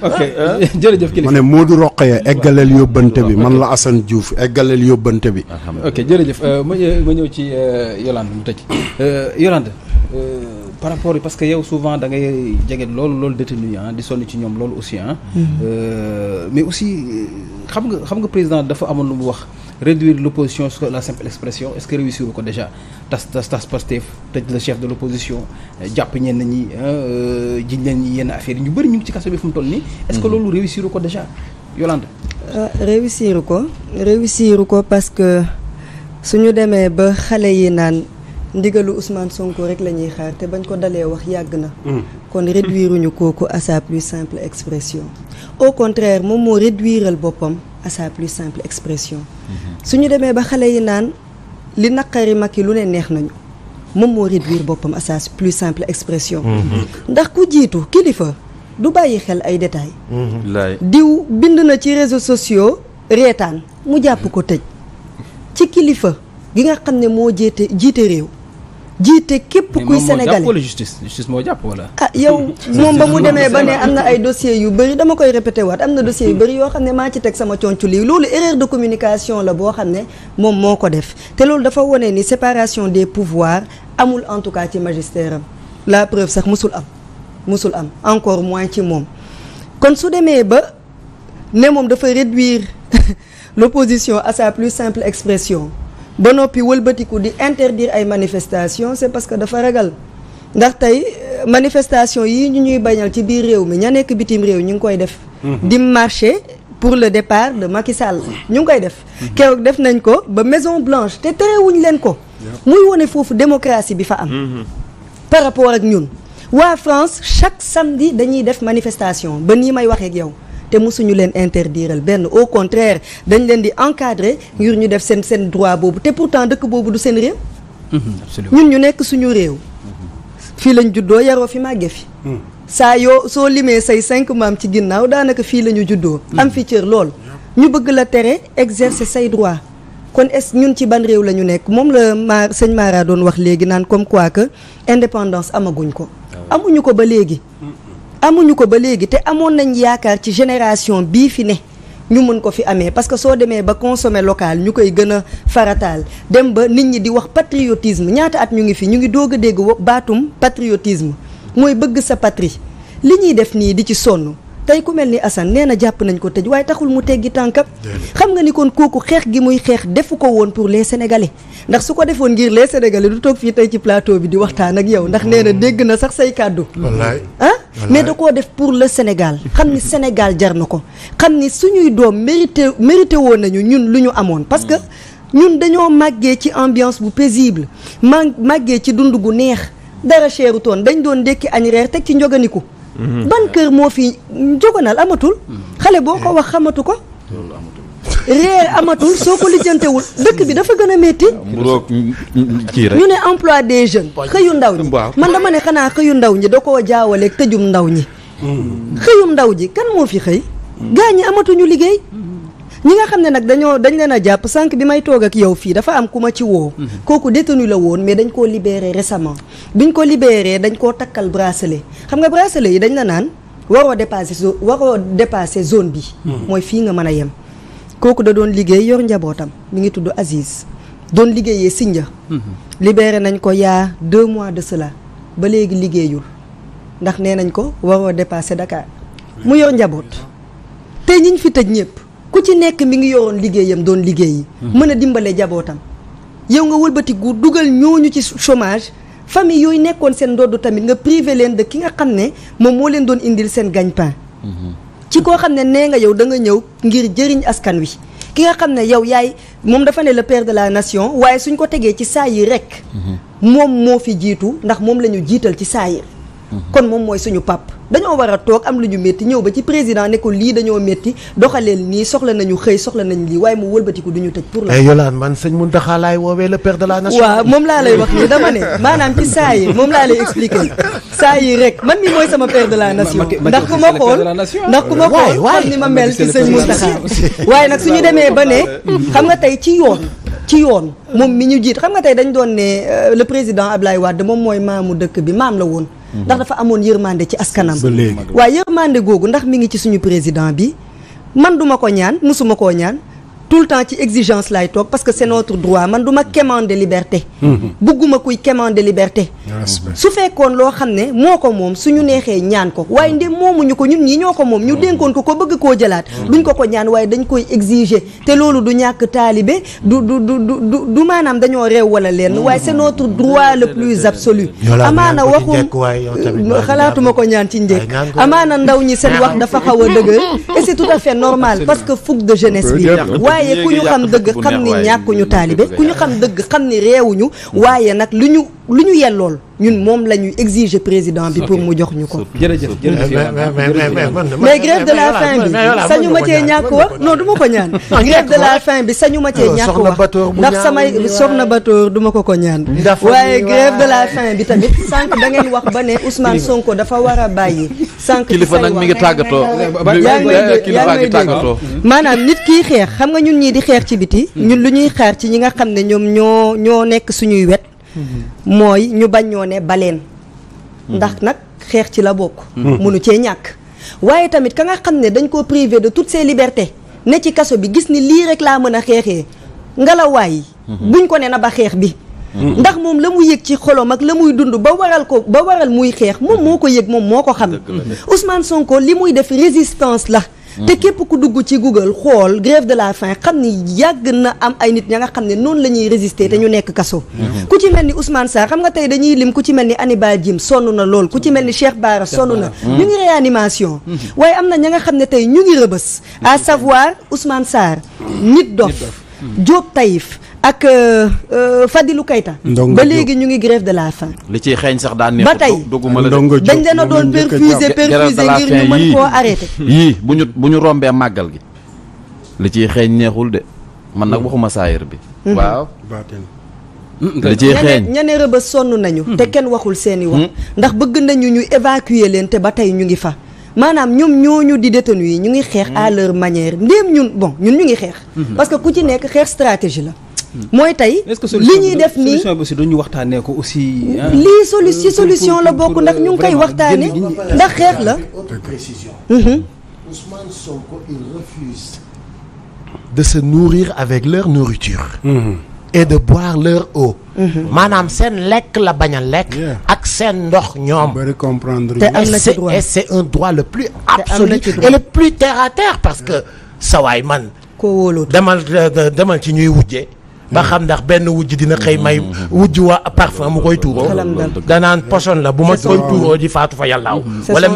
ok ah, ah. jërëjëf kilifa ma ne Modou Roqe eggaleel yóbbante bi man la Assane Diouf eggaleel yóbbante bi. ok jërëjëf euh, ma euh, ma ñëw ci euh, Yolande mu tëj Yolande par rapport parce que yow souvent dangay ngay jege loolu loolu détenu ah di sonn ci ñoom loolu aussi ah. Mm-hmm. mais aussi. xam nga xam nga président dafa amoon lu mu wax réduire l' opposition sur la simple expression est ce que réussir ko déjà tas tas tas Pastef tëj la chef de l' opposition jàpp ñenn ñi euh, jiñ yenn affaire ñu bëri ñu ngi ci kaso bi fu mu toll nii. est ce que mhm. loolu réussir ko déjà Yolande. Euh, réussir ko réussir ko parce que suñu demee ba xale yi naan. ndigalu Ousmane Sonko rek la ñuy xaar te bañ ko dalee wax yàgg na. Mm. kon réduire ñu kooku à sa plus simple expression. au contraire moom moo réduiral boppam à sa plus simple expression. Mm-hmm. suñu demee ba xale yi naan li naqari mag yi lu ne neex nañu moom moo réduire boppam à sa plus simple expression. Mm-hmm. ndax ku jiitu kilifa du bàyyi xel ay détails. Mm-hmm. diw bind na ci réseau sociaux reetaan mu jàpp ko tëj ci kilifa gi nga xam ne moo jéete jiite réew. jiite képp kuy sénégalais mais justice justice moo wala. ah yow moom ba mu demee ba ne am na ay dossiers yu bëri dama koy répété waat am na dossiers yu bëri yoo xam ne maa ci teg sama concu lii loolu erreur de communication la boo xam ne moom moo ko def te loolu dafa wane ni séparation des pouvoirs amul en tout cas ci magistère am la preuve sax musul am mosul am encore moins ci moom kon su demee ba ne moom dafa réduire l'opposition à sa plus simple expression. ba noppi wëlbatiku di interdire ay manifestation c'est parce que dafa ragal ndax tey euh, manifestation yi ñu ñuy bañal ci biir réew mi ña nekk bitim réew ñu ngi koy def mhm. di marché pour le départ de Macky Sall ñu ngi koy def mhm. keroog def nañ ko ba Maison Blanche te terewuñ leen ko muy wone foofu démocratie bi fa am mhm. par rapport ak ñun waa France chaque samedi dañuy def manifestation ba nii may waxee yow te mosuñu leen interdiral benn au contraire dañ leen di encadrer ngir ñu def seen seen droit boobu te pourtant dëkk boobu du seen réew mhm, ñun ñu nekk suñu réew fii lañ juddoo yaroo fi màgge fi saa yoo soo limee say cinq maam ci ginnaaw daanaka fii la ñu juddoo am fi cër lool ñu bëgg la tere exercer say droit kon est ñun ci ban réew la ñu nekk moom la ma sëñ Mara doon wax léegi naan comme quoi que indépendance amaguñ ko ah amuñu ko ba léegi amuñu ko ba léegi te amoon nañ yaakaar ci génération bii fi ne ñu mën ko fi amee parce que soo demee ba consommer local ñu koy gën a farataal dem ba nit ñi di wax patriotisme ñaata at ñu ngi fi ñu ngi doog a dégg baatum patriotisme mooy bëgg sa patrie li ñuy def nii di ci sonn tey ku mel ni Assane nee na jàpp nañ ko tëj waaye taxul mu teggi tànka xam nga ni kon kooku xeex gi muy xeex defu ko woon pour les sénégalais ndax su ko defoon ngir les sénégalais du toog fii tey ci plateau bi di waxtaan ak yow ndax nee dégg na sax say kàddu wallaay ah? mais da koo def pour le Sénégal xam ni Sénégal jar na ko xam ni suñuy doom mérité mérité woon nañu ñun lu ñu amoon parce que ñun dañoo màggee ci ambiance bu paisible ma màggee ci dund gu neex dara cheeru toon dañ doon dékki añ teg ci njoganiku mhm. ban kër moo fi njoganal amatul mhm. xale boo ko wax xamatu ko réer amatul soo ko lijjantewul dëkk bi dafa gën a métti. kii ñu ne emploi des jeunes. xëyu ndaw ñi man dama ne xanaa xëyu ndaw ñi da koo jaawaleeg tëjum ndaw ñi. Hmm. xëyum ndaw ji kan moo fi xëy. gaa ñi amatuñu liggéey. Hmm. ñi nga xam ne nag dañoo dañ leen a jàpp sànq bi may toog ak yow fii dafa am ku ma ci woo. Hmm. kooku détenu la woon mais dañ koo liberee récemment. biñ ko libéré dañ koo takkal bracelet xam nga bracelet yi dañ la naan waroo dépassé zo waroo dépassé zone bi. mooy fii nga mën a yem. kooku da doon liggéey yor njabootam mi ngi tudd Aziz doon liggéeyee Sindia. Mhm. libéré nañ ko yaa deux mois de sela ba léegi liggéeyul ndax nee nañ ko waroo dépasser Dakar mu yor njaboot tey ñiñ fi tëj ñëpp ku ci nekk mi ngi yoroon liggéeyam doon liggéey yi mhm. mën a dimbale jabootam yow nga walbati wëlbatiku dugal ñooñu ci chômage famille yooyu nekkoon seen ndodd tamit nga privé leen de ki nga xam ne moom moo leen doon indil seen gagne-pain mhm. ci koo xam ne nee nga yow da nga ñëw ngir jëriñ askan wi ki nga xam ne yow yaay moom dafa ne la père de la nation waaye suñ ko tegee ci saa yi rek mhm. moom moo fi jiitu ndax moom la ñu jiital ci saa yi kon moom mooy suñu pap dañoo war a toog am lu ñu métti ñëw ba ci président ne ko lii dañoo métti doxaleel nii soxla nañu xëy soxla nañ lii waaye mu wëlbatiku du ñu tëj pour la eh, Yolande man sëñ Mountakha laay woowee le père de la nation moom laa lay wax nii dama ne maanaam ci saa yi moom laa lay expliquer saa yi rek man mi mooy sama père de la nation ndax ku ma xool ndax ku ma xool xam ni ma mel ci sëñ Mountakha waaye nag su ñu demee ba ne xam nga tey ci yoon ci yoon moom mi ñu jiit xam nga tey dañ doon ne euh, le président Ablaye Wade moom mooy maamu dëkk bi maam la woon ndax dafa amoon yërmande ci askanam waaye yërmande googu ndax mu ngi ci suñu président bi man duma ko ñaan mosuma koo ñaan tout le temps ci exigence laay toog parce que c'est notre droit man du ma quémander liberté mm-hmm. bëgguma kuy quémander liberté su fekkoon loo xam ne moo ko moom suñu neexee ñaan ko waaye ndem moomuñu ko ñun ñi ñoo ko moom ñu mm-hmm. dénkoon ko ko bëgg koo jëlaat duñ ko ko ñaan waaye dañ koy exiger te loolu du ñàkk taalibe du du du du du maanaam dañoo réew wala leen mm-hmm. waaye c'est notre droit le plus absolu amaana waxum mm, xalaatuma ko ñaan ci njëkk amaana ndaw ñi seen wax dafa xaw a dëgër et c'est tout à fait normal parce que fougue de waaye ku ñu xam dëgg xam ni ñàkkuñu taalibe ku ñu xam dëgg xam ni reewuñu waaye nag lu ñu lu ñu yellool ñun moom la ñuy exiger président bi pour mu jox ñu ko. jërëjëf jërëjëf mais grève de la faim bi sañu ma cee ñàkk wax non du ma ko ñaan. grève de la faim bi sañu ma cee ñàkk wax ndax samay soxna Batoor duma ko ko ñaan. waaye grève de la faim bi tamit sànq da ngeen wax ba ne Ousmane Sonko dafa war a bàyyi. sànq kilifa nag mi ngi tàggatoo yaa ngi tàggatoo maanaam nit kiy xeex xam nga ñun ñii di xeex ci biti ñun lu ñuy xaar ci ñi nga xam ne ñoom ñoo ñoo nekk suñuy wet mooy ñu bañ ñoo ne baleen mhm. ndax nag xeex ci la bokk mënu mhm. cee ñàkk waaye tamit ka nga xam ne dañ koo privé de toutes ses libertés ne ci kaso bi gis ni lii rek laa mën a xeexee ngelawaay yi mhm. buñ ko ne na ba xeex bi ndax moom la mu yëg ci xolom ak la muy dund ba waral ko ba waral muy xeex moom moo ko yëg moom moo ko xam Ousmane Sonko li muy def résistance la te képp ku dugg ci Google xool grève de la faim xam ni yàgg na am ay nit ña nga xam ne noonu la ñuy résister te ñu nekk kaso mhm. ku ci mel ni Ousmane Sarr xam nga tey dañuy lim ku ci mel ni Hannibal Djim sonn na lool ku ci mel ni Cheikh Bara sonn na mhm. ñu ngi réanimation mhm. waaye am na ña nga xam ne tey ñu ngi rëbës à savoir Ousmane Sarr nit dof Diop Taïf ak euh, euh, Fadilou kayta ba léegi ñu ngi grève de la faim li ciy xeeñ sax daan neex ba tey dañ leen a doon perfuser perfuser ngir ñu mën koo arrêté yii bu ñu bu ñu rombee màggal gi li ciy xeeñ neexul de man nag hmm. waxuma saayir bi hmm. waaw hmm, li ciy xeeñ ñene rëbës sonn nañu te kenn waxul seeni wax ndax bëgg nañu ñu évacuer leen te ba tey ñu ngi fa maanaam ñoom ñu di détenu yi ñu ngi xeex à leur manière ndéem ñun bon ñun ñu ngi xeex parce que ku ci nekk xeex stratégie la mooy tey li ñuy def nii solution bi aussi duñu waxtaanee ko aussi. lii solu solution la bokk ndax ñu ngi koy waxtaanee ndax xeex la. Mhm. de se nourrir avec leur nourriture. Mhm. et de boire leur eau. Mhm. maanaam seen lekk la bañ a lekk. ak seen ndox ñoom. bëri comprendre te am na ci et c'est un droit le plus absolu et le plus terre à terre parce que sawaay man. ko wóolootu demal euh, demal ci ñuy wujjee. ba xam ndax benn wujj dina xëy may wujj wa parfum mu koy tuuroo danaan poson la bu ma koy tuuroo ji faatu fa yàllaaw wala